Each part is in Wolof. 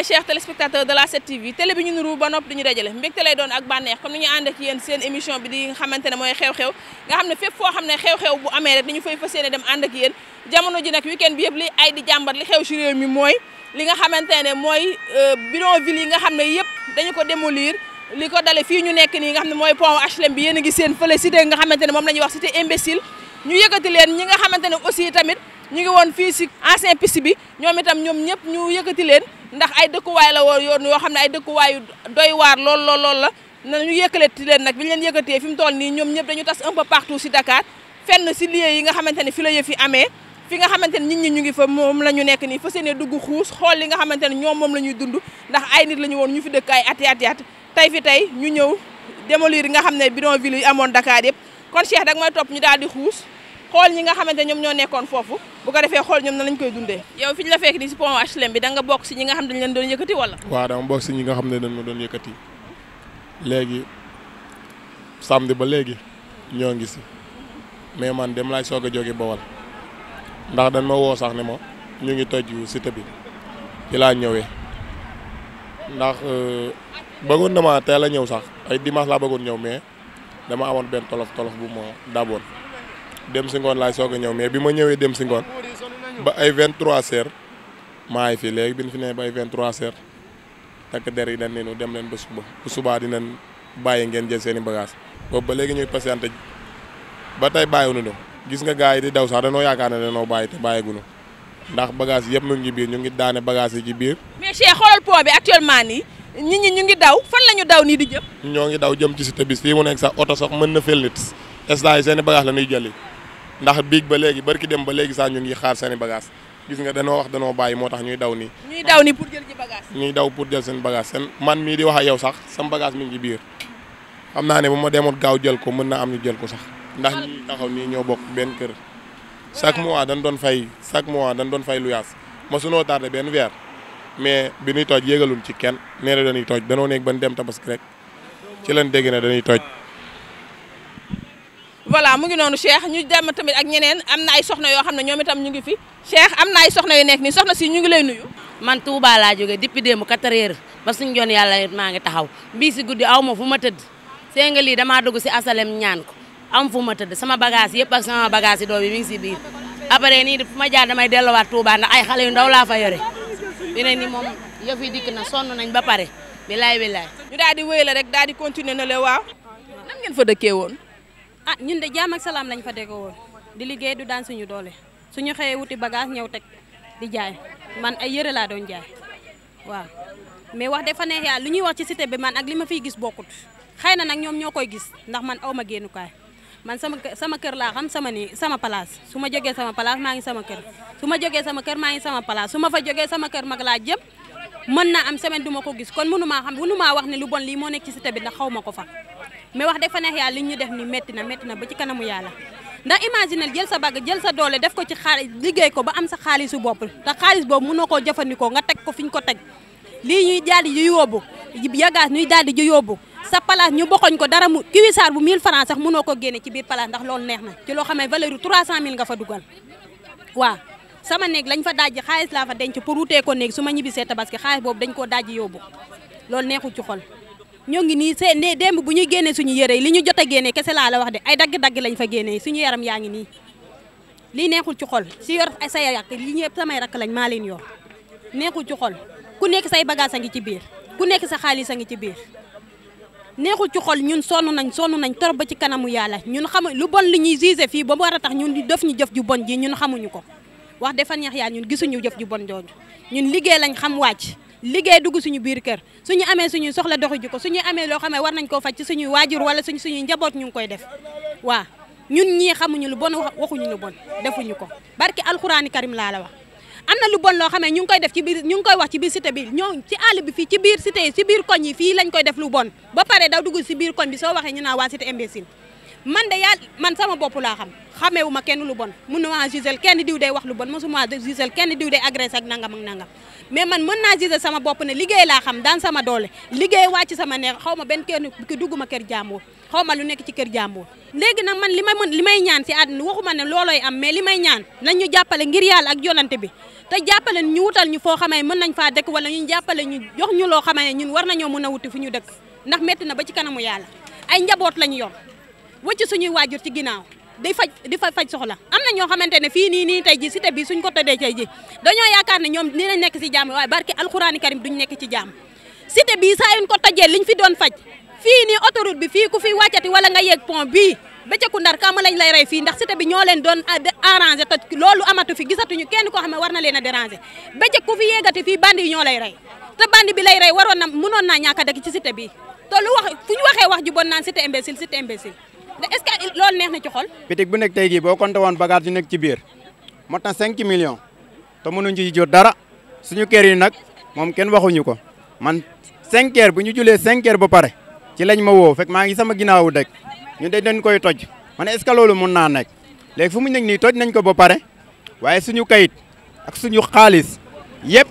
mes chers téléspectateurs de la 7TV télé bi ñu nuru ba nopp duñu dajale mbégte lay doon ak bànneex comme ni ñu ànd ak yéen émission bi di nga xamante ne mooy xew-xew nga xam ne fépp foo xam ne xew-xew bu amee rek dañu fay fas yéene dem ànd ak yéen jamono ji nag bi yëpp ay di jàmbat li xew ci réew mooy li nga xamante ne mooy euh, bidonville yi nga xam ne yëpp dañu ko démolir li ko dale fii ñu nekk nii nga xam ne mooy pont HLM bi yéen a ngi seen fële cité nga xamante moom la ñuy wax cité imbécile ñu yëkkati leen ñi nga xamante ne aussi tamit ñu ngi woon fii si ancien piste bi ñoom itam ñoom ñëpp ñu yëkkati leen ndax ay dëkkuwaay la woon yoon yoo xam ne ay dëkkuwaayu doy waar lool lool lool la nañu yëkkalati leen nag bi ñu leen yëkkatee fi mu toll nii ñoom ñëpp dañu tas un peu partout si Dakar fenn si lieu yi nga xamante ne fi la yëf yi amee fi nga xamante ne nit ñi ñu ngi fa moom la ñu nekk nii fas yéene dugg xuus xool li nga xamante ne ñoom moom la ñuy dund ndax ay nit la ñu woon ñu fi dëkk a ati tey fi tey ñu ñëw démolir yi nga xam ne bidonville yi amoon Dakar yëpp kon Cheikh dag may topp ñu daal di xuus xool ñi nga xamante ñoom ñoo nekkoon foofu bu ko defee xool ñoom na lañ koy dundee yow fi la fekk ni si pont HLM bi da nga bokk si ñi nga ne dañ leen doon yëkkati bokk si ñi nga xam ne dañ doon yëkkati léegi samedi ba léegi ñoo ngi si mais man dem laay soog a jóge Bawol ndax dañ ma woo sax ne ma ñu ngi toj cité bi ci laa ñëwee ndax euh, bëggoon na ma teel a ñëw sax ay dimanche laa bëggoon ñëw mais dama amoon benn tolof tolof bu ma daboon dem si ngoon laay soog a ñëw mais bi ma ñëwee dem si ngoon ba ay 23 heures maa ngi fi léegi bi ñu fi nee ba ay 23 heures takk der yi dañ ne ñu dem leen ba suba bu subaa dinañ bàyyi ngeen jël seen i bagages boobu ba léegi ñuy patienté ba tey bàyyiwuñu ñu gis nga gars yi di daw sax danoo yaakaar ne noo bàyyi te bàyyiguñu ndax bagage yëpp mu ngi biir ñu ngi daane bagage yi ci biir. mais Cheikh xoolal pont bi actuellement nii nit ñi ñu ngi daw fan la daw nii di jëm. ñoo ngi daw jëm ci si bi fii mu nekk sax oto sax mën na fël nit instant yi seen i bagage la ndax biig ba léegi barki dem ba léegi sax ñu ngi xaar seeni bagage gis nga danoo wax danoo bàyyi moo tax ñuy daw nii. ñuy pour jël ci bagage. ñuy daw pour jël seen bagage seen man mii di wax ak yow sax sam bagage mi ngi ci biir xam naa ne bu ma demoon gaaw jël ko mën naa am ñu jël ko sax ndax ñi taxaw nii ñoo bokk benn kër chaque mois dañ doon fay chaque mois dañ doon fay luyaas ma sunoo tardé benn weer mais bi ñuy tooj yéegalul ci kenn nee na dañuy tooj danoo nekk ban dem tabaski rek ci lañ dégg ne dañuy tooj voilà mu ngi noonu Cheikh ñu dem tamit ak ñeneen am na ay soxna yoo xam ne ñoom itam ñu ngi fi Cheikh am na ay soxna yu nekk nii soxna si ñu ngi lay nuyu. man Touba laa jógee depuis démb 4 heures ba suñu joon yàlla maa ngi taxaw bii si guddi aw ma fu ma tëdd nga lii damaa dugg si asalem ñaan am fu ma tëdd sama bagage yëpp ak sama bagage yi doom yi mi ngi si biir après nii fu ma jaar damay delluwaat Touba ay xale yu ndaw laa fa yore bi ne ni moom yëf yi dikk na sonn nañ ba pare bilaay bilaay. ñu daal di wéy la rek daal di continuer na le waaw. nan ngeen fa dëkkee woon. ah ñun de jaam ak salaam lañ fa déggoo di liggéey du daan suñu doole suñu xëyee wuti bagage ñëw teg di jaay man ay yére laa doon jaay waaw mais wax fa ne yàlla lu ñuy wax ci cité bi man ak li ma fiy gis bokkut xëy na nag ñoom ñoo koy gis ndax man aw ma génnukaay man sama sama kër laa xam sama ni sama place su ma jógee sama place maa ngi sama kër su ma jógee sama kër maa ngi sama place su ma fa jógee sama kër mag laa jëm mën naa am semaine du ma ko gis kon mënumaa xam mënumaa wax ne lu bon lii moo nekk ci cité bi ndax ma ko fa mais wax dëgg fa neex yàlla li ñu def ni métti na métti na ba ci kanamu yàlla ndax imaginer jël sa bagg jël sa doole def ko ci xaalis liggéey ko ba am sa xaalisu bopp te xaalis boobu mënoo koo jëfandikoo nga teg ko fi ñu ko teg lii ñuy daal di yóbbu yagaas ñuy daal di yóbbu sa place ñu boxoñ ko dara mu kiwisaar bu 1000 francs sax mënoo ko génne ci biir place ndax loolu neex na ci loo xam ne valeur 300000 nga fa dugal waa sama néeg lañ fa dajji xaalis laa fa denc pour wutee ko néeg su ma ñibbisee tabaski xaalis boobu dañ koo dajji yóbbu loolu neexu ci xol ñoo ngi nii seen demb bu ñu génnee suñu yére li ñu jot a génnee kese laa la wax de ay dagg-dagg lañ fa génnee suñu yaram yaa ngi nii lii neexul ci xol si yor ay say yàq li ñëpp samay rakk lañ maa leen yor neexul ci xol ku nekk say bagage a ngi ci biir ku nekk sa xaalis a ngi ci biir neexul ci xol ñun sonn nañ sonn nañ trop ba ci kanamu yàlla ñun xamu lu bon li ñuy jugé fii ba mu war a tax ñun def ñu jëf ji bon ji ñun xamuñu ko wax defa neex yaa ñun gisuñu jëf ju bon jooju ñun liggéey lañ xam wàcc liggéey dugg suñu biir kër suñu amee suñuy soxla doxuji ko suñu amee loo xam ne war nañ koo faj ci suñuy waajur wala suñ suñuy njaboot ñu ngi koy def waaw ñun ñii xamuñu lu bon waxuñu lu bon defuñu ko barki alxuraani karim laa la wax am na lu bon loo xam ne ñu ngi koy def ci biir ñu ngi koy wax ci biir cité bi ñoo ci àll bi fii ci biir cité yi ci biir koñ yi fii lañ koy def lu bon ba pare daw dugg si biir koñ bi so waxee ñu naa waa cité man de yàlla man sama bopp laa xam xameew ma kenn lu bon mun na naa gisel kenn diw day wax lu bon mosuma gisel kenn diw day agressé ak nangam ak nangam mais man mën naa gisel sama bopp ne liggéey la xam daan sama doole liggéey wàcc sama neex xaw ma benn kenn ki dugguma kër jàmbur xaw ma lu nekk ci kër jàmbur léegi nag man li may mën li may ñaan si àdduna waxuma ne loolooy am mais li may ñaan nañ ñu jàppale ngir yàlla ak yonante bi te jàppale ñu wutal ñu foo xamee mën nañ faa dëkk wala ñu jàppale ñu jox ñu loo xamee ñun war nañoo mën a wuti fu ñu dëkk ndax métti na ba ci kanamu yàlla ay njaboot lañu yor wëcc suñuy waajur ci ginnaaw di faj di fa faj soxla am na ñoo xamante ne fii nii nii tey ji cité bi suñ ko tëddee tey ji dañoo yaakaar ne ñoom dinañ nekk ci jàmm waaye barki alxuraani karim duñ nekk ci jàmm cité bii saa yuñ ko tojee liñ fi doon faj fii nii autoroute bi fii ku fi wàccati wala nga yegg pont bii bëccëgu ndar kama lañ lay rey fii ndax cité bi ñoo leen doon euh, arrangé te loolu amatu fi gisatuñu kenn koo xam ne war na leen a dérangé bëccëg ku fi yeggati lay rey te bandi bi lay na mënoon naa ñàkk a dëkk ci cité bi te wax fu wax ju bon naan cité imbécile est-ce que loolu neex na ci xol. bu nekk tey jii boo compté woon bagage yu nekk ci biir mot na 5 millions te mënuñ ci jot dara suñu kër yi nag moom kenn waxuñu ko man 5 bu ñu julee 5 heures ba pare ci lañ ma woo fek maa ngi sama ginnaawu dëkk ñu de dañ koy toj man est-ce que loolu mun naa nekk léegi fu mu nekk nii toj nañ ko ba pare waaye suñu kayit ak suñu xaalis yëpp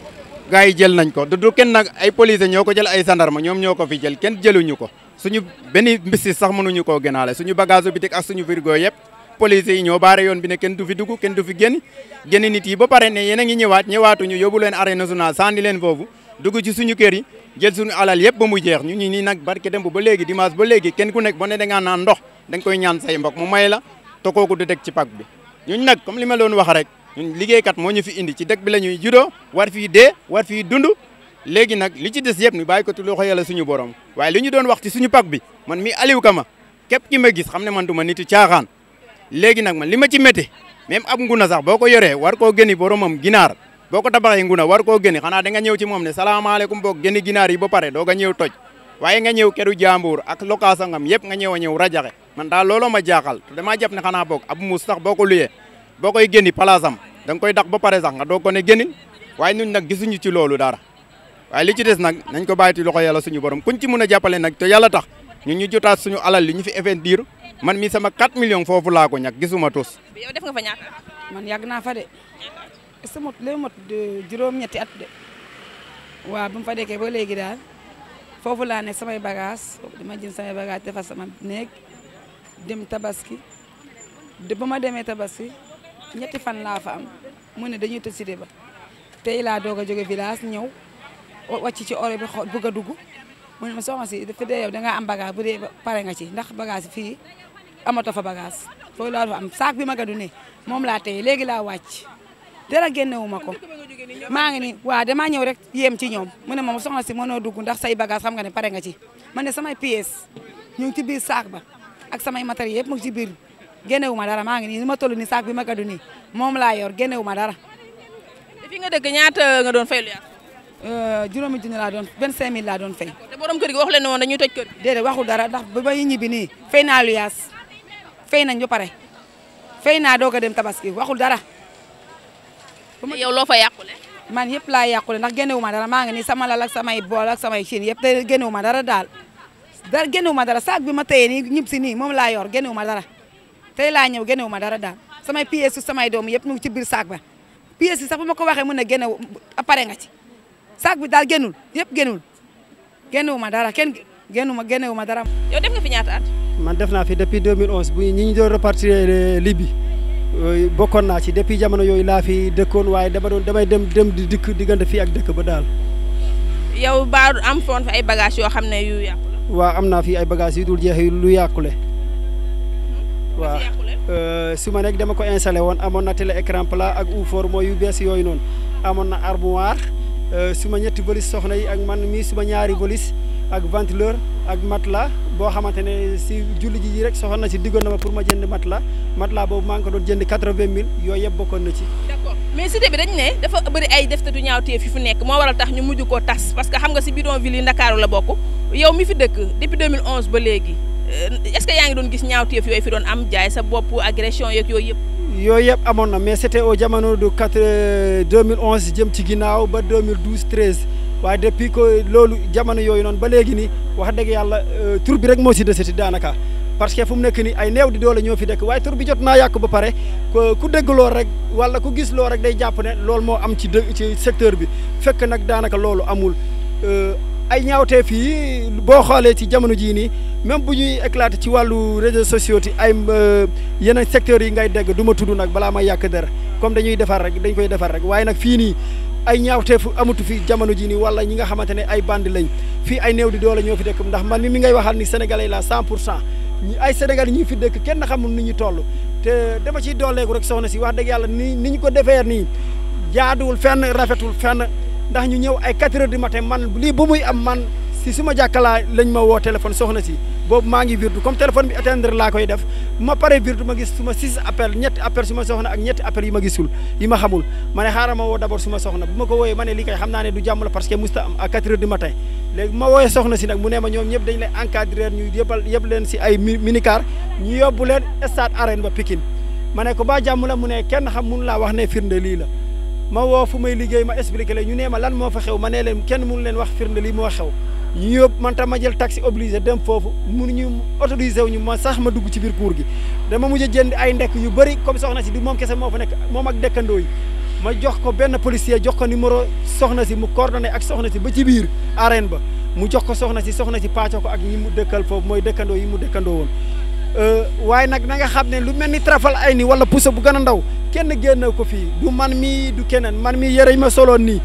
gars yi jël nañ ko du kenn nag ay police ñoo ko jël ay gendarme ñoom ñoo ko fi jël kenn jëluñu ko. suñu benn mbisi sax mënuñu koo gënaale suñu bagage bitik ak suñu virgo yëpp police yi ñoo baare yoon bi ne kenn du fi dugg kenn du fi génn génn nit yi ba pare ne yéen a ngi ñëwaat ñëwaatuñu yóbbu leen arène nationale sànni leen foofu dugg ci suñu kër yi jël suñu alal yëpp ba mu jeex ñu ñu nii nag barke demb ba léegi dimanche ba léegi kenn ku nekk ba ne da ngaa naan ndox da nga koy ñaan say mbokk mu may la te kooku du dëkk ci pak bi ñun nag comme li ma loon wax rek ñun moo ñu fi indi ci dëkk bi la ñuy judoo war fii dee war fii dund léegi nag li ci des yëpp ñu bàyyi ko ci loxo yàlla suñu borom waaye li ñu doon wax ci suñu pak bi man mi Aliou Kama képp ki ma gis xam ne man du ma nit caaxaan léegi nag man li ma ci métti même ab nguna sax boo ko yoree war koo génni boromam ginaar boo ko tabaxee nguna war koo génni xanaa da nga ñëw ci moom ne salaamaaleykum boog génni ginaar yi ba pare doo nga ñëw toj waaye nga ñëw keru jaambuur ak lokaasangam yëpp nga ñëw a ñëw rajaxe man daal looloo ma jaaxal te damaa jàpp ne xanaa boog ab muus sax boo ko luyee boo koy génni palaasam da koy dax ba pare sax nga doog ko ne génni waaye ñun nag gisuñu ci loolu dara waaye li ci des nag nañ ko ti loxo yàlla suñu borom kuñ ci mën a jàppale nag te yàlla tax ñun ñu jotaat suñu alal li ñu fi investir man mi sama 4 million foofu laa ko ñàkk gisuma tos. yow def nga fa man yàgg naa fa de est mot lay mot juróom-ñetti at de waaw bu fa dekkee ba léegi daal foofu laa ne samay bagage dama jël samay bagage defar sama néeg dem tabaski de ba ma demee tabaski ñetti fan laa fa am mu ne dañuy tëj cité ba tey laa doog a jóge village ñëw. wàcc ci ore bi xool bëgg a dugg mu ne ma soxna si fi dee yow dangaa am bagage bu pare nga ci ndax bagage fii amato fa bagage loolu laa am saak bi ma gadu ne moom laa tey léegi laa wàcc dara génnewu ma ko maa ngi ni waaw damaa ñëw rek yéem ci ñoom mu ne moom soxna si mënoo dugg ndax say bagage xam nga ne pare nga ci man ne samay pièces ñu ngi ci biir saak ba ak sama matériel yëpp mu ngi ci biir génnewu ma dara maa ngi nii ni ma toll ni saak bi ma gadu moom laa yor génnewu ma dara Euh, juróomi junni laa doon vingt cinq mille laa doon fay. te borom kër gi wax leen ne woon dañuy toj kër gi. déedéet waxul dara ndax ba ba ñibbi nii fay naa lu yaas fay nañ ba pare fay naa doog a dem tabaski waxul dara. yow loo fa yàqule. man yëpp laa yàqule ndax génnewu ma dara maa ngi nii sama lal sama samay bool ak samay cin yëpp te génnewu ma dara daal. dara génnewu ma dara saak bi ma téye nii ñib si nii moom laa yor génnewu ma dara tey laa ñëw génnewu ma dara daal samay pièces samay doom yëpp ñu ngi ci biir saak ba pièces yi sax bu ma ko waxee mën a génnew apare nga ci sac bi daal génnul yëpp génnul génnewu ma dara kenn génnu ma génnewu ma dara. yow at. man def naa fi depuis 2011 bu ñi ñu doon repartir euh, lii bi euh, bokkoon naa ci depuis jamono yooyu laa fi dëkkoon waaye dama doon damay dem dëm di dikk diggante fii ak dëkk ba daal. yow ba am foon ay bagages yoo xam ne yu yàqu waa am naa fi ay bagages yu dul jeex yu lu yàqule. Hmm? waaw euh, su ma nekk dama ko installé woon amoon na tele écran plat ak oufor mooy yu bees yooyu noonu amoon na armoire. Euh, suma ñetti valise soxna yi ak man mii suma ñaari valise ak ventoleur ak matelas boo xamante ne si julli ji rek soxna si diggoon na ma pour ma jënd matelas matelas boobu maa ngi ko doon jënd quatre-vingt yooyu yëpp bokkoon na ci. d'accord mais cité bi dañ ne dafa bëri ay deftetu ñaawteef fi fu nekk moo waral tax ñu mujj koo tas parce que xam nga si bidonville yi Ndakaaru la bokk yow mi fi dëkk depuis 2011 ba léegi euh, est-ce yaa ngi doon gis ñaawteef yooyu fi doon am jaay sa bopp agression yeeg yooyu yëpp. yooyu yëpp amoon na mais c'était au jamono du quatre 2011 euh, jëm ci ginnaaw ba 2012 13 waaye depuis que loolu jamono yooyu noon ba léegi ni wax dëgg yàlla euh, tur bi rek moo si desati daanaka parce que fu mu nekk ni ay néew di doole ñoo fi dëkk waaye tur bi jot naa yàq ba pare ku dégg lool rek wala ku gis lool rek day jàpp ne loolu moo am ci ci secteur bi fekk nag daanaka loolu amul. Euh, ay ñaawteef yi boo xoolee ci jamono jii nii même bu ñuy éclaté ci wàllu réseaux sociaux ti ay euh, yeneen secteurs yi ngay degg du ma tudd nag balaa may yàq dara comme dañuy defar rek dañ koy defar rek waaye nag fii nii ay ñaawteef amatu fi jamono jii nii wala ñi nga xamante ne ay bandi lañ fii ay new di doole ñoo fi dëkk ndax man mi mi ngay waxal ni sénégalais la cent pour cent ay sénégalais ñi fi dëkk kenn xamul ni ñu toll te dama ciy dooleeku rek soxna si wax dëgg yàlla ni ni ñu ko defee nii jaaduwul fenn rafetul fenn ndax ñu ñëw ay 4 heures du matin man lii ba muy am man si suma jàkkalaa lañ ma woo téléphone soxna si boobu maa ngi virtu comme téléphone bi atteindre laa koy def ma pare virtu ma gis suma six appel ñetti appel suma soxna ak ñetti appel yi ma gisul yi ma xamul ma ne xaaral ma woo d'abord suma soxna bu ma ko wooyee ma ne li kay xam naa du jàmm parce que musta am à 4 heures du matin léegi ma wooyee soxna si nag mu ne ma ñoom ñëpp dañ lay encadrer ñu yëbal yëpp leen si ay minicar ñu yóbbu leen stade arène ba ma ne ko ba jàmm mu ne kenn xam laa wax ne firnde lii la ma woo fu may liggéey ma expliqué leen ñu nee ma lan moo fa xew ma nee leen kenn mënu leen wax firnde lii moo xew ñu yóbbu man tam ma jël tax obligé dem foofu mënuñu autorisé wu ñu ma sax ma dugg ci biir cour gi dama mujj a jënd ay ndekk yu bari comme soxna si di moom kese moo fa nekk moom ak dëkkandoo ma jox ko benn policier jox ko numéro soxna si mu coordonné ak soxna si ba ci biir arène ba mu jox ko soxna si soxna si pàcco ko ak yi mu dëkkal foofu mooy dëkkandoo yi mu dëkkandoo woon euh, waaye nag na nga xam ne lu mel ni trafal ay wala puso bu gën a ndaw kenn génn ko fii du man mi du keneen man mi yëre ma soloon nii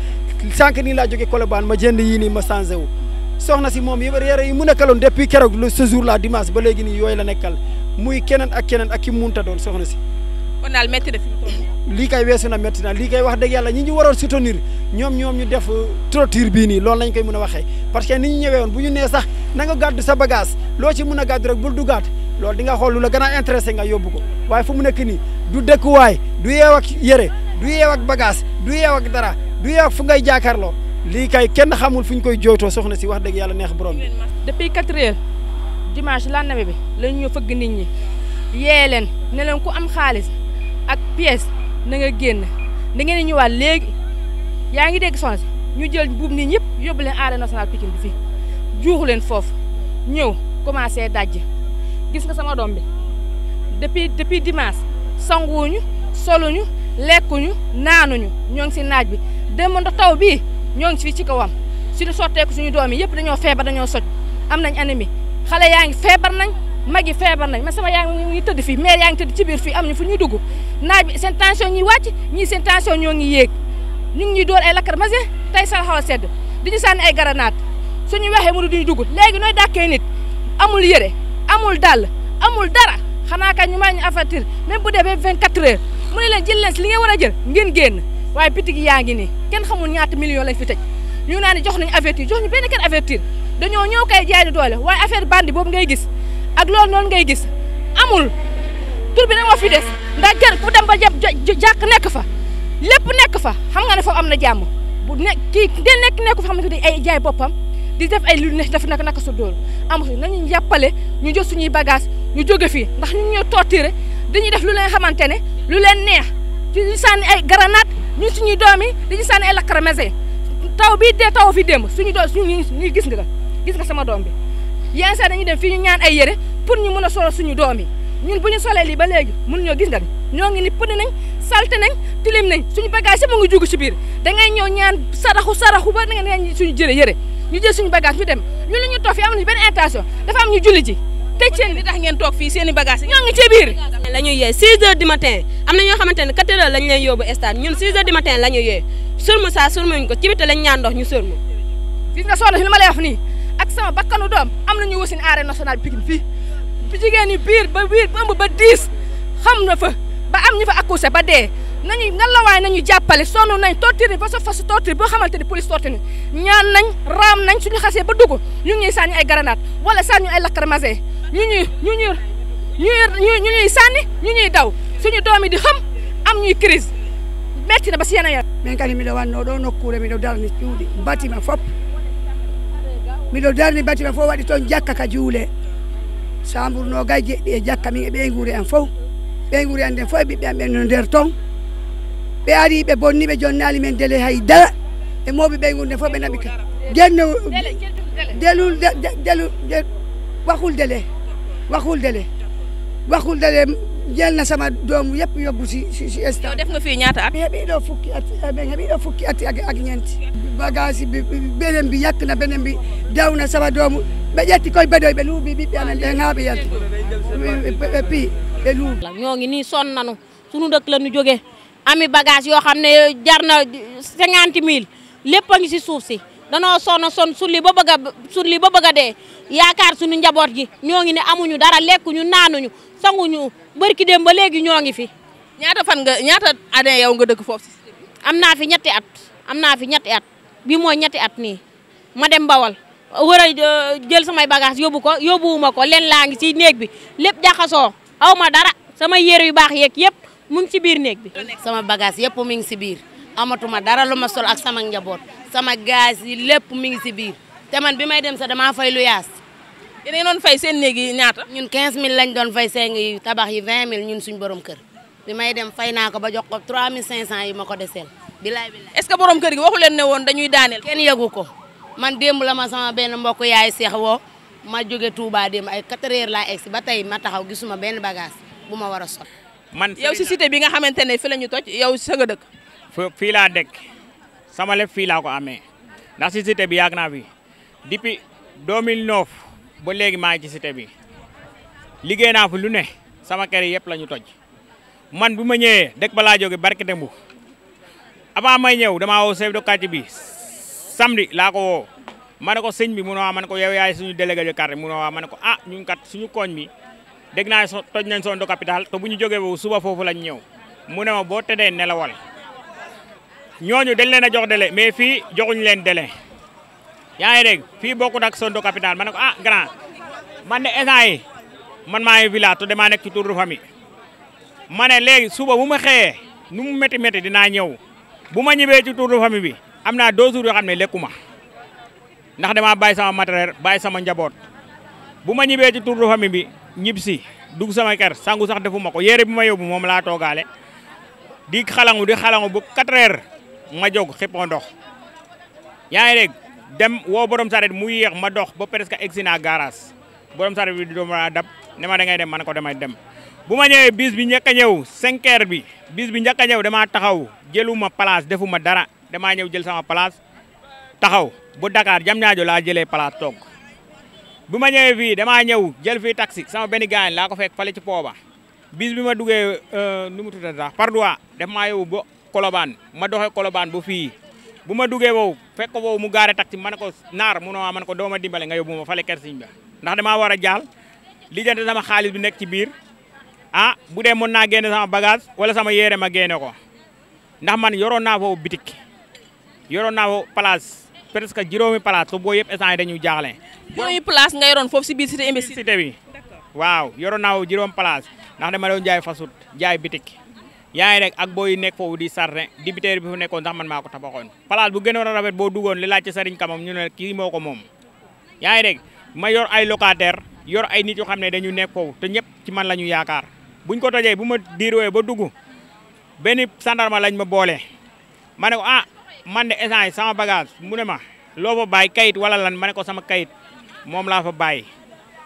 sànq nii laa jógee Colobane ma jënd yii nii ma changé wu soxna si moom yëre yi mu nekkaloon depuis keroog le ce jour ba léegi nii yooyu la nekkal muy keneen ak keneen ak ki munta doon soxna si. kon daal métti na lii kay weesu na métti na li kay wax dëgg yàlla ñi ñu waroon soutenir ñoom ñoom ñu def euh, trottoir bii ni loolu lañ koy mën a waxee parce que ni ñu ñëwee woon bu ñu nee sax na nga gàddu sa bagage loo ci mun a gàddu rek bul dugaat loolu di nga xool lu la gën nga yóbbu ko waaye fu mu nekk nii du waay du yeew ak yére du yeew ak bagage du yeew ak dara du yeew ak fu ngay jaakaarloo lii kay kenn xamul fu ñu koy jooytoo soxna si wax dëgg yàlla neex borom bi. depuis quatre heures dimanche lendemain bi la ñu fëgg nit ñi yee leen ne ku am xaalis ak pièce na nga génn da ngeen ñëwaat léegi yaa ngi dégg soxna ñu jël buub ni ñëpp yóbbu leen na nationale Pikine bi fii juuxu leen foofu ñëw commencé dajj gis nga sama doom bi depuis depuis dimanche. sanguwuñu soluñu lekkuñu naanuñu ñoo ngi si naaj bi démb ndox taw bi ñoo ngi fii ci kawam si suñu sotteeku suñu doom yi yëpp dañoo feebar dañoo soj am nañ anémie xale yaa ngi feebar nañ mag yi feebar nañ ma sama yaa ngi tëdd fii mère yaa ngi tëdd ci biir fii am ñu fu ñuy dugg naaj bi seen ñi ñuy wàcc ñii seen tension ñoo ngi yéeg ñu ngi ñuy dóor ay lakkar mase tey sal xaw a sedd di ñu sànni ay garanaat suñu waxee mu du ñu dugg léegi nooy dàkkee nit amul yëre amul dàll amul dara xanaa kañ ñu may ñu avertir même bu dee ba 24 heures mu ne leen jël si li ngeen war a jël ngeen génn waaye bitig yaa ngi nii kenn xamul ñaata million lañ fi tëj ñu naan jox nañu avertir jox ñu benn kenn avertir dañoo ñëw kay jaay di doole waaye affaire bandi boobu ngay gis ak loolu noonu ngay gis amul tur bi nag moo fi des ndax kër ku dem ba jàpp jàkk nekk fa lépp nekk fa xam nga ne fa am na jàmm bu ne kii de nekk nekk fa xam ne ay jaay boppam. di def ay lu ne def naka naka sa dóor amatuñ nañu jàppale ñu jël suñuy bagage ñu jóge fii ndax ñu ñoo torturé dañuy def lu leen xamante ne lu leen neex ci ñu sànni ay grenade ñu suñuy doom yi dañuy sànni ay lacrymogène taw bii dee taw fi démb suñu doom suñu ñu gis nga gis nga sama doom bi yenn saa dañuy def fii ñu ñaan ay yére pour ñu mën a solo suñu doom yi ñun bu ñu solee lii ba léegi mun ñoo gis nga ñoo ngi ni pënd nañ salte nañ tilim nañ suñu bagage yi mu ngi jug ci biir da ngay ñëw ñaan saraxu saraxu ba da ngeen suñu jëre yére ñu jël suñu bagage ñu dem ñu lu ñu toog fi am ñu julli ji tëj seen li tax ngeen toog fii seen i bagage ñoo ngi ci biir la ñuy yee 6 heures du matin am na ñoo xamante ne 4 heures lañ leen yóbbu ñun 6 heures du matin la ñuy yee surmu saa surmuñ ko ci biir lañ ñaan ndox ñu surmu gis nga soxla si li ma lay wax nii ak sama bakkanu doom am nañu wasin arène nationale Pikine fii jigéen ñi biir ba biir ba ëmb ba diis xam na fa ba am ñu fa accouché ba dee nañu nga la waay nañu jàppale sonn nañ torture façon façon torture boo xamante ni police torture ñaan nañ raam nañ suñu xasee ba dugg ñu ngi ñuy sànni ay grenade wala sànni ay lacrymogène ñu ñuy ñu ñuy ñu ñuy sànni ñu ñuy daw suñu doomi di xam am ñuy crise metti na ba si yena min kadi miɗo wanno ɗo nokkure miɗo darni cuuɗi batima fof miɗo darni batima fof waɗi toon jakka ka juule sambourno gay jeɗɗi e jakka min e ɓeygure an fof ɓeygure an nden fof e ɓiɓɓe an ɓen no nder ɓe ari ɓe bonni ɓe jonnali men délai hay dara e mawɓe ɓe gurde fof ɓe naɓi ka genno delul delu wakul délai wakul délai wakul délai jelna sama doom yëpp yóbbu si si si instant. yow def nga heɓi ɗo fukki at mi ak ak ñeenti. bagage bi beneen bi yàq na beneen bi daw na sama doomu ɓe ƴetti koy bedoy ɓe luuɓi ɓiɓɓe amen ɓe ŋaaɓe yalti pi ɓe luuɓi. ñoo ngi nii sonn nanu sunu dëkk la ñu jógee. ami bagage yoo xam ne jar na cinquante mille lépp a ngi si suuf si danoo sonn son sulli ba bëgg a sulli ba bëgg a dee yaakaar suñu njaboot gi ñoo ngi ne amuñu dara lekkuñu naanuñu sanguñu bërki dem ba léegi ñoo ngi fi. ñaata fan nga ñaata année yow nga dëkk foofu si am naa fi ñetti at am naa fi ñetti at bii mooy ñetti at nii ma dem bawal war a jël samay bagage yóbbu ko yóbbuwuma ko len laa ngi si néeg bi lépp jaxasoo aw ma dara sama yére yu baax yeeg yëpp. mu ci biir néeg bi. sama bagage yëpp mi ngi si biir amatuma dara lu ma sol ak sama njaboot sama gaz yi lépp mi ngi si biir te man bi may dem sa damaa fay lu yaas. yéen a ngi doon fay seen néeg yi ñaata. ñun 15000 lañ doon fay seen yi tabax yi vingt 20000 ñun suñ borom kër bi may dem fay naa ko ba jox ko 3500 yi ma ko deseel. bilaay bilaay est-ce que borom kër gi waxu leen ne woon dañuy daane kenn yegu ko man démb la ma sama benn mbokk yaay seex woo ma jóge Touba démb ay 4 heures laa egg si ba tey ma taxaw gisuma benn bagage bu ma war a sol. man yow si cité bi nga xamante ne fi la ñu toj yow sa nga dëkk. fii laa dëkk sama lépp fii laa ko amee ndax si cité bi yàgg naa fi depuis 2009 ba léegi maa ngi ci bi liggéey naa fi lu ne sama kër yëpp la ñu toj man bu ma ñëwee dëkk laa jóge barke dembu avant may ñëw damaa woo chef de quartier bi samedi laa ko woo ma ko sëñ bi munoo waa ma ne ko yow yaay suñu délégué de quartier waa ma ne ko ah ñun kat suñu koñ mi. dégg naa so toj nañ son bu ñu jógee boobu suba foofu lañ ñew mu ne ma boo tëddee nelawal ñooñu dañ leen a jox délai mais fii joxuñ leen délai yaa ngi dégg fii bokkut ak son do capital ma ne ko ah grand man ne instant yi man maa ngi village te damaa nekk ci tour de famille ma ne léegi suba bu ma xëyee nu mu métti métti dinaa ñëw bu ma ñibbee ci tour de famille bi am naa deux jours yoo xam ne lekkuma ndax damaa bàyyi sama matériel bàyyi sama njaboot bu ma ñibbee ci tour de bi ñibbisi si dugg sama kër sangu sax defuma ko yére bi ma yóbbu moom laa toogaale di xalangu di xalangu bu 4 heures ma jóg xippoo dox yaa ngi dégg dem woo borom saret mu yéex ma dox ba presque egsi naa garage borom sare bi di dooma dab ne ma da ngay dem man ko damay dem bu ma ñëwee biis bi njëkk a ñëw 5 heures bi biis bi njëkk a ñëw damaa taxaw jëluma place defuma dara damaa ñëw jël sama place taxaw bu dakaar jam ñaajo laa jëlee place toog bu ma ñëwee fii damaa ñëw jël fii taxi sama benn gaañ laa ko fekk fale ci pooba bis bi ma duggee euh, nu mu tuddati sax pardois def maa yow bo kolobaan ma doxe kolobaan bo fii bu ma duggee boobu fekk ko boobu mu gaare taxi ma ne ko naar mu ne ma ne ko dooma dimbale nga yóbbu ma fale kersiñ ba ndax damaa war a jaal lijjante sama xaalis bi nekk ci biir ah bu dee mën naa génne sama bagage wala sama yére ma génne ko ndax man yoroon naa foofu bitik yoroon naa foofu place presque juróomi place foofu boo yëpp instant yi dañuy jaaxle. juróomi place nga yoroon foofu si biir cité imbécile. cité waaw yoroon naa juróom place ndax dama doon jaay fasut jaay bitik yaay ngi rek ak booy nekk foofu di sarre dibiteer bi fu nekkoon sax man maa ko tabaxoon place bu gënoon a rafet boo duggoon li laaj ci sëriñ kamam ñu ne kii moo ko moom ma yor ay yor ay nit yoo xam ne dañu nekk foofu te ñëpp ci man la ñu yaakaar buñ ko tojee bu ma diirwee ba dugg benn sandarma lañ ma boole ma ne ko ah man de essence sama bagage mu ne ma loo fa bàyyi kayit wala lan ma ne ko sama kayit moom laa fa bàyyi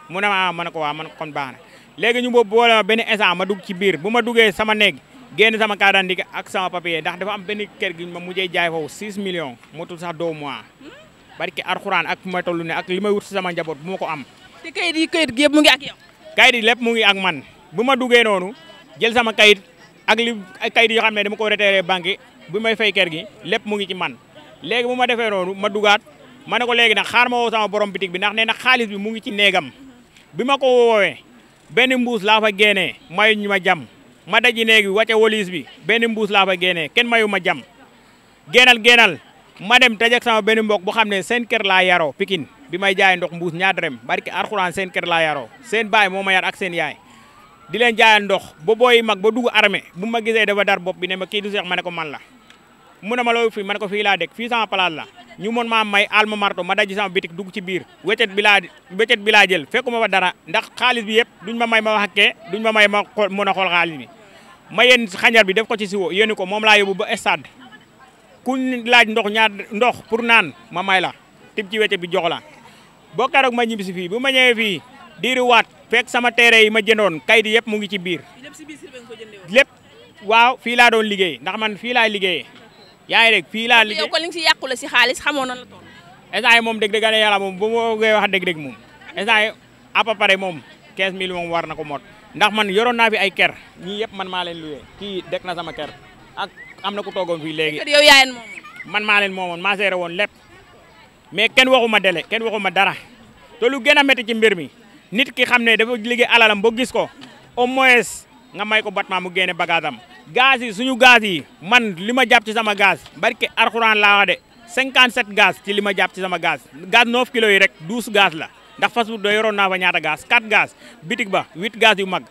mu ne ma ah ma ne ko waa ma ne ko kon baax na léegi ñu boobu boole ma benn essence ma dugg ci biir bu ma duggee sama néeg génn sama carte d'identité ak sama papier ndax dafa am benn kër gi ma mujjee jaay foofu 6 million motul sax deux mois barki arxuraan ak fu may toll ne ak li may si sama njaboot bu ma ko am. te kayit yi kayit gi yëpp mu ngi ak yow. kayit yi lépp man bu ma duggee noonu jël sama kayit ak li kayit yoo xam ne dama ko retiré banque bi may fay ker gi lépp mu ngi ci man léegi bu ma defee noonu ma dugaat ma ne ko léegi nag xaar ma woo sama borom bitig bi ndax ne na xaalis bi mu ngi ci néegam bi ma ko woowee benn mbuus laa fa génnee mayu ñu ma jàmm ma daji néegi wàcce walis bi benn mbuus laa fa génnee kenn mayu ma jàmm génnal geenal ma dem tajak sama benn mbokk bu xam ne seen kër laa yaro Pikine bi may jaay ndox mbuus ñaar dërëm barki arxuraan seen kër laa yaroo seen baay moo ma yar ak seen yaay di leen jaayal ndox ba booy mag ba dugg armée bu ma gisee dafa dar bopp bi ne ma kii du seex ma ne ko man la mu ne ma looy fii ma ne ko fii laa dëkk fii sama place la ñu mën maa may alma marto ma daj sama bitik dugg ci biir wéccet bi laa wéccet bi laa jël fekkuma fa dara ndax xaalis bi yëpp duñ ma may ma wax kee duñ ma may ma xool mën a xool xaalis bi ma yéen xanjar bi def ko ci siwo yéeni ko moom laa yóbbu ba stade kuñ laaj ndox ñaar ndox pour naan ma may la tib ci wéccet bi jox la boo keroog ma ñibbisi fii bu ma ñëwee fii diiri waat fekk sama teere yi ma jëndoon kayit yëpp mu ngi ci biir lépp waaw fii laa doon liggéey ndax man fii laa liggéeyee yaay ngi dégg laa liggéey yow kon li nga si yàqu la si xaalis xamoon na la toll. instant moom dëgg-dëgg ne yàlla moom bu ma koy wax dëgg moom instant yi à peu près moom 15000 moom war na ko mot ndax man yoroon naa fi ay ker ñii yëpp man maa leen luwee kii dekk na sama ker ak am na ku toogoon fii léegi. yow yaa man maa leen moomoon maa seere woon lépp mais kenn waxuma délai kenn waxuma dara te lu gën a métti ci mbir mi nit ki xam ne dafa liggéey alalam ba gis ko au moins nga may ko batma mu génne bagaasam gaz yi suñu gaz yi man li ma jàpp ci sama gaz barke arxuraan laa wax de 57 gaz ci li ma jàpp ci sama gaz gaz 9 kilos yi rek 12 gaz la ndax fas bu doy yoroon naa fa ñaata gaz 4 gaz bitig ba 8 gaz yu mag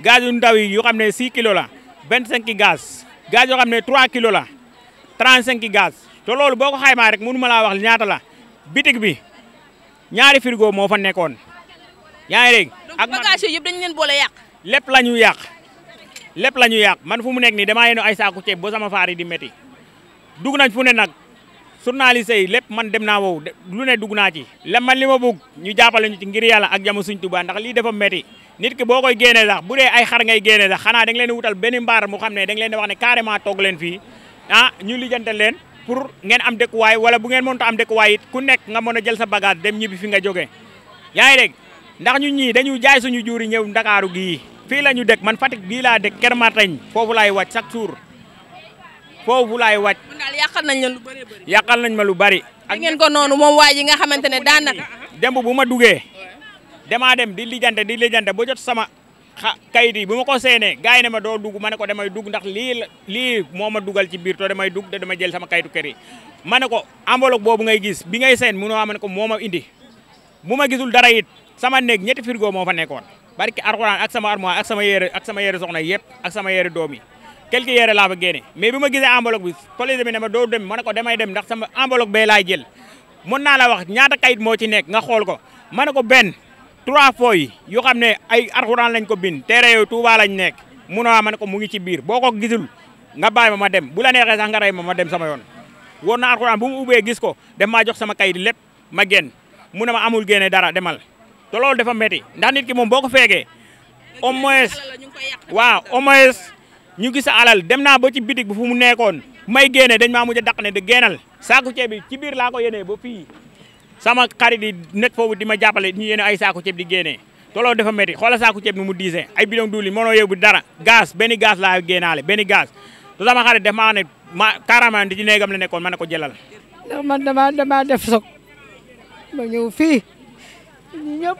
gaz yu ndaw yi yoo xam ne 6 kilos la 25 gaz gaz yoo xam ne 3 kilos la 35 gaz te loolu boo ko xaymaa rek mënu ma laa wax ñaata la bitig bi ñaari frigo moo fa nekkoon yaa ngi ak donc bagage yëpp dañu leen boole yàq. lépp ñu yàq. lépp la ñu yàq man fu mu nekk nii damaa yenu ay saaku ceeb boo sama faar yi di métti dugg nañ fu ne nag journaliste yi lépp man dem naa wow lu ne dugg naa ci lépp man li ma bëgg ñu jàppale ñu ci ngir yàlla ak jama suñ Tuubaa ndax lii dafa métti nit ki boo koy génnee sax bu dee ay xar ngay génnee sax xanaa da leen wutal benn baar mu xam ne da leen wax ne carrément toog leen fii ah ñu lijjantal leen pour ngeen am dëkkuwaay wala bu ngeen mënta am dëkkuwaay it ku nekk nga mën a jël sa bagage dem ñibbi fi nga jógee yaa ngi ndax ñun ñii dañu jaay suñu juri ñëw ndakaaru gii fii la ñu dëkk man Fatick bii laa dëkk Kër Martin foofu laay wàcc chaque jour foofu laay wàcc. kon daal nañ la lu bëri yàqal nañ ma lu bëri. ak ngeen ko noonu moom waa ji nga xamante ne daanaka. démb bu ma duggee damaa dem di lijjante di lijjante ba jot sama xa kayit yi bu ma ko seenee gars yi ne ma doo dugg ma ne ko damay dugg ndax lii la lii moo ma dugal ci biir to damay dugg te damay jël sama kayitu kër yi. ma ne ko enveloppe boobu ngay gis bi ngay seen munoo ma ne ko moo ma indi bu ma gisul dara it sama néeg ñetti frigo moo fa nekkoon. barki arxuraan ak sama armoire ak sama yére ak sama yére soxna yëpp ak sama yére doom yi quelque yére laa fa génne mais bi ma gisee enveloppe bi police bi ne ma doo dem ma ne ko damay dem ndax sama enveloppe bee laay jël mën naa la wax ñaata kayit moo ci nekk nga xool ko ma ne ko benn trois fois yi yoo xam ne ay arxuraan lañ ko bind teere yooyu Tuuba lañ nekk mun a ma ne ko mu ngi ci biir boo ko gisul nga bàyyi ma dem bu la neexee sax nga rey ma dem sama yoon woon na arxuraan bu mu ubbee gis ko def maa jox sama kayit lépp ma génn mu ne ma amul génne dara demal te loolu dafa métti ndax nit ki moom boo ko feegee au moins waaw au moins ñu gis sa alal dem naa ba ci bitig bu fu mu nekkoon may génne dañ maa mujj a daq ne di génnal saaku ceeb bi ci biir laa ko yéenee ba fii sama xarit yi nekk foofu di ma jàppale ñu yéene ay saaku ceeb di génnee te loolu dafa métti xoola saaku ceeb bi mu diisee ay bidon duuli mënoo yóbbu dara gaz benn gaz laa génnaale benn gaz te sama xarit def maa ne ma carrément di ci néegam la nekkoon ma ne ko jëlal ndax def soog ma ñëpp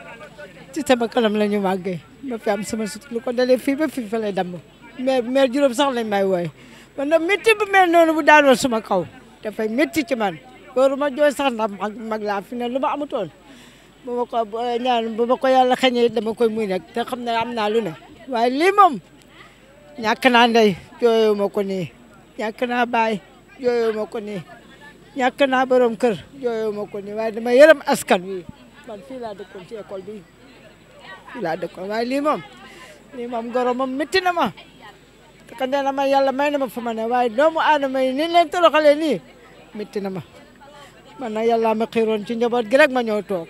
ci sama kanam la ñu màggee ba fi am sama sut lu ko dalee fii ba fii fa lay damm mais mais juróom sax lañ may wooye man nag bu mel noonu bu daanoo suma kaw dafay métti ci man loolu ma jooy sax ndax mag la laa fi ne lu ma amutoon bu ma ko ñaan bu ma ko yàlla xañee dama koy muy nag te xam ne am naa lu ne waaye lii moom ñàkk naa ndey jooyoo ma ko nii ñàkk naa baay jooyoo ma ko nii ñàkk naa borom kër jooyoo ma ko nii waaye dama yërëm askan wi man laa dëkkoon ci école bi fii laa dëkkoon waaye lii moom lii moom métti na ma ka nee ma yàlla may na ma fa ma ne waaye doomu aadama yi ni leen toroxalee nii métti na ma man na yàlla ma xiiroon ci njaboot gi rek ma ñëw toog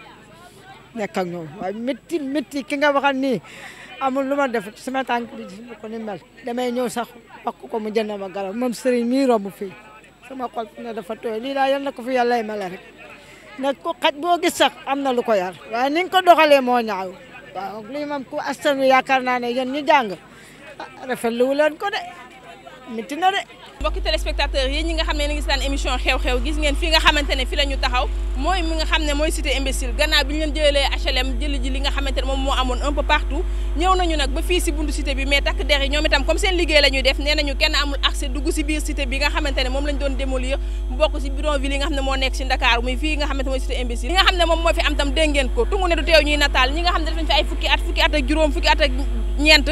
nekk ak ñoom waaye métti métti ki nga waxal nii amul lu ma def sama tànk bi gis ko ni mel damay ñëw sax wax ko mu jënd ma garab moom sëriñ mii romb fii sama xol fi ne dafa tooy lii daal yal na ko fi yàlla na ku xaj boo gis sax am na lu ko yar waaye ni nga ko doxalee moo ñaaw waaw lu moom ku askan wi yaakaar naa ne yéen ñu jàng ah, rafetlu wu ko de miti na de. mbokki téléspectateurs yi nga xam ne ni ngi seetaan émission xew-xew gis ngeen fi nga xamante fi la taxaw mooy mooy si bundu cité moom lañ doon démolir mu bokk si bidonville yi nga xam ne moo si Dakar muy fii nga xamante mooy cité imbécile moo fi am tam dégg ngeen ko tungu ne du teew ñuy nataal ñi nga xam ne def nañ fi ay fukki at fukki at ak juróom fukki at ak ñeent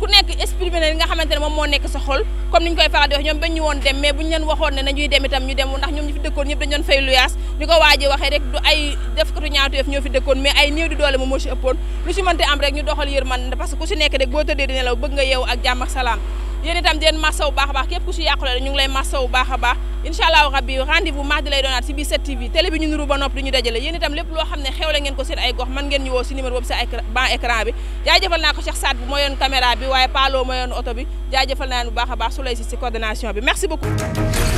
ku nekk exprimer na li nga xamante ne moom moo nekk sa xol comme ni ñu koy faral di wax ñoom bañ ñu woon dem mais buñ leen waxoon ne nañuy dem itam ñu dem ndax ñoom ñu fi dëkkoon ñëpp dañ doon fay luyaas ñu ko waaji waxee rek du ay defkatu ñaawteef ñoo fi dëkkoon mais ay néew di doole moom moo si ëppoon lu si am rek ñu doxal yërmande parce ku si nekk rek boo tëddee di nelaw bëgg nga yeewu ak jàmm ak salaam yéen tam di leen masawu baax a baax képp ku ci yàqule ñu ngi lay masawu baax a baax incha allahu rabbi rendez-vous mardi lay doonaat ci biir 7TV télé bi ñu nuru ba nopp di ñu dajale yéen itam lépp loo xam ne xewle ngeen ko seen ay gox mën ngeen ñu woo ci numéro boobu écran bi jaajëfal naa ko Cheikh Saad bu moo yoon caméra bi waaye oto bi jaajëfal naa leen bu baax a baax su lay ci ci merci beaucoup